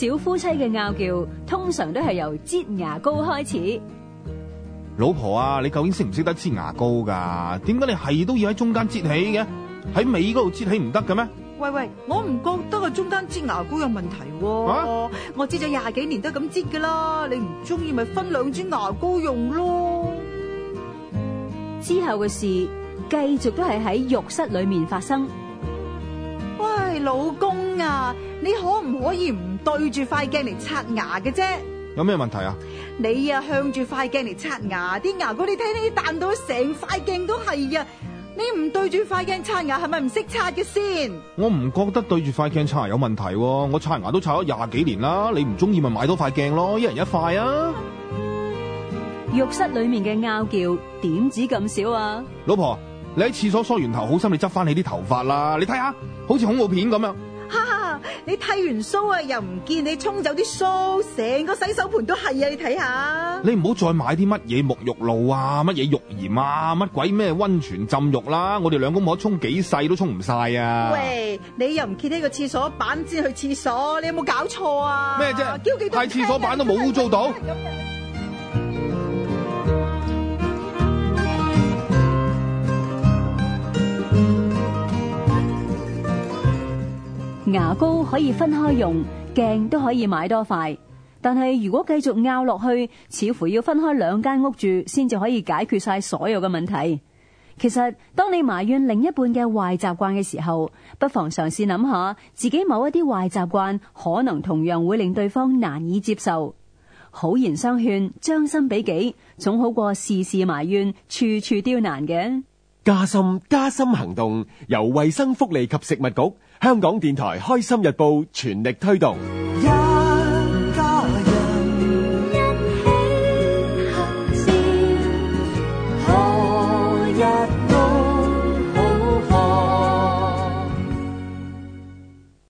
小夫妻嘅拗撬通常都係由擠牙膏開始。老婆啊，你究竟識唔識得擠牙膏噶？點解你係都要喺中間擠起嘅？喺尾嗰度擠起唔得嘅咩？喂喂，我唔覺得個中間擠牙膏有問題。啊，啊我擠咗廿幾年都咁擠噶啦，你唔中意，咪分兩支牙膏用咯。之後嘅事繼續都係喺浴室裏面發生。老公啊，你可唔可以唔對住塊鏡嚟刷牙嘅啫？有咩問題啊？你啊向住塊鏡嚟刷牙，啲牙膏你睇睇，彈到成塊鏡都係啊！你唔對住塊鏡刷牙，係咪唔識刷嘅先？我唔覺得對住塊鏡刷牙有問題啊，我刷牙都刷咗廿幾年啦。你唔中意咪買多塊鏡咯，一人一塊啊！浴室裏面嘅拗撬點止咁少啊？老婆。你喺廁所梳完頭，好心你執翻你啲頭髮啦，你睇下，好似恐怖片咁樣。哈！哈，你剃完鬚啊，又唔見你沖走啲鬚，成個洗手盤都係啊！你睇下。你唔好再買啲乜嘢沐浴露啊，乜嘢浴鹽啊，乜鬼咩溫泉浸浴啦，啊！我哋兩公婆沖幾世都沖唔晒啊！喂，你又唔揭呢個廁所板先去廁所，你有冇搞錯啊？咩啫麼？揩廁、啊、所板都冇做到。 牙膏可以分開用，鏡都可以買多塊。但係如果繼續拗落去，似乎要分開兩間屋住，先至可以解決晒所有嘅問題。其實當你埋怨另一半嘅壞習慣嘅時候，不妨嘗試諗下自己某一啲壞習慣，可能同樣會令對方難以接受。好言相勸，將心比己，總好過事事埋怨，處處刁難嘅。加深家心行動由衛生福利及食物局、香港電台、開心日報全力推動。